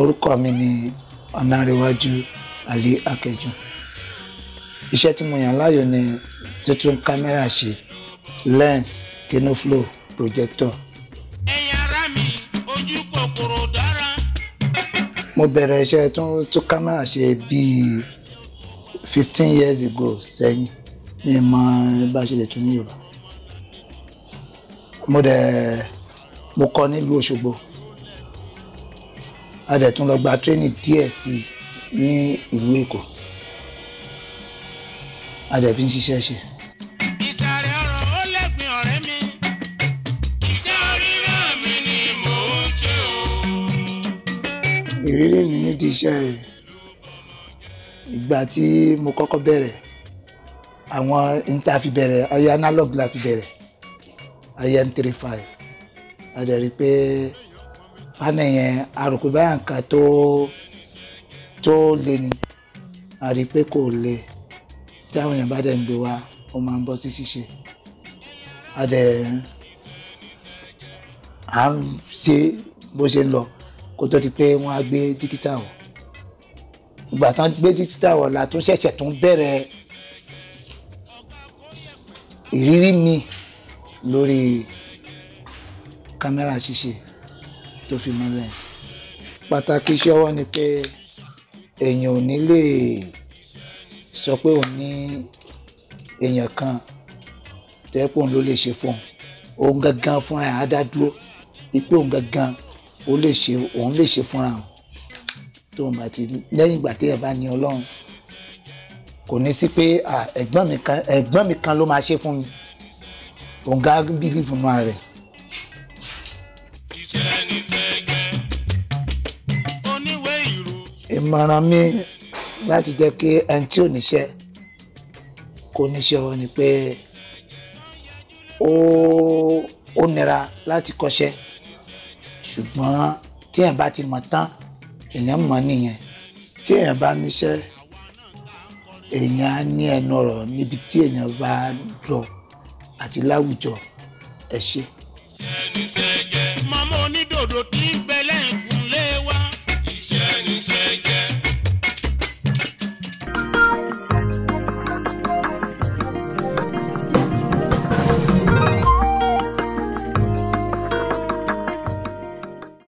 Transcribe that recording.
orúkọ mi ni ọ̀nàrẹ́wájú alí akẹ́jù iṣẹ́ tí mo yàn láàyò ni títún kámẹ́rà ṣe lens kinoflow projector. ẹ̀yin ará mi ojú kòkòrò dára. mo bẹ̀rẹ̀ iṣẹ́ tún kámẹ́rà ṣe bíi fifteen years ago sẹ́yìn mi mọ bá a ṣe lè tún ní yorùbá mo dẹ̀ mo kọ́ nílùú Òṣogbo a dẹ̀ tún lọ gba training díẹ̀ sí i ní ìlú èkó a dẹ̀ fi ń ṣiṣẹ́ ṣe. ìrírí mi nídìí iṣẹ́ ìgbà tí mo kọ́kọ́ bẹ̀rẹ̀ àwọn níta fi bẹ̀rẹ̀ ayé analog la fi bẹ̀rẹ̀ ayé m three a dẹ̀ rí i pé fana yẹn arògbé báyà nǹkan tó tó le ni a rí i pé kò le tí àwọn èèyàn bá dẹ̀ ń gbé wa ó máa ń bọ́ sí ṣíṣe a dẹ̀ à ń ṣe bó ṣe ń lọ kó tó di pé wọ́n á gbé dígítà wọ̀ ìgbà tán gbé dígítà wọ̀ la tún ṣẹ̀ṣẹ̀ tún bẹ̀rẹ̀ ìrírí mi lórí kámẹ́rà ṣíṣe tó fi mọ́lẹ̀ pàtàkì iṣẹ́ ọwọ́ ni pé èèyàn ò ní lè sọ pé òun ní èèyàn kan tó yẹ pé òun ló lè ṣe fún òun òun gangan fúnra ẹ̀ á dá dúró ipé òun gangan òun lè ṣe òun lè ṣe fúnra òun tóun bá ti lẹ́yìn ìgbà téèyàn bá ní ọlọ́run kò ní sí pé ẹ̀gbọ́n mi kan ló máa ṣe fún mi òun gá bílíìfù náà rẹ̀ ìmọ̀ràn mi láti jẹ́ kí ẹni tí ò níṣẹ́ kò níṣẹ́ ọ ni pé ó ó nira láti kọ́ṣẹ́ ṣùgbọ́n tí èèyàn bá ti mọ̀ tán èèyàn mọ̀ nìyẹn tí èèyàn bá níṣẹ́ èèyàn á ní ẹnu ọ̀rọ̀ níbi tí èèyàn bá lọ àti láwùjọ ẹ ṣe. ẹni ṣe jẹ́ mọ́mọ́ onídòdó tí ń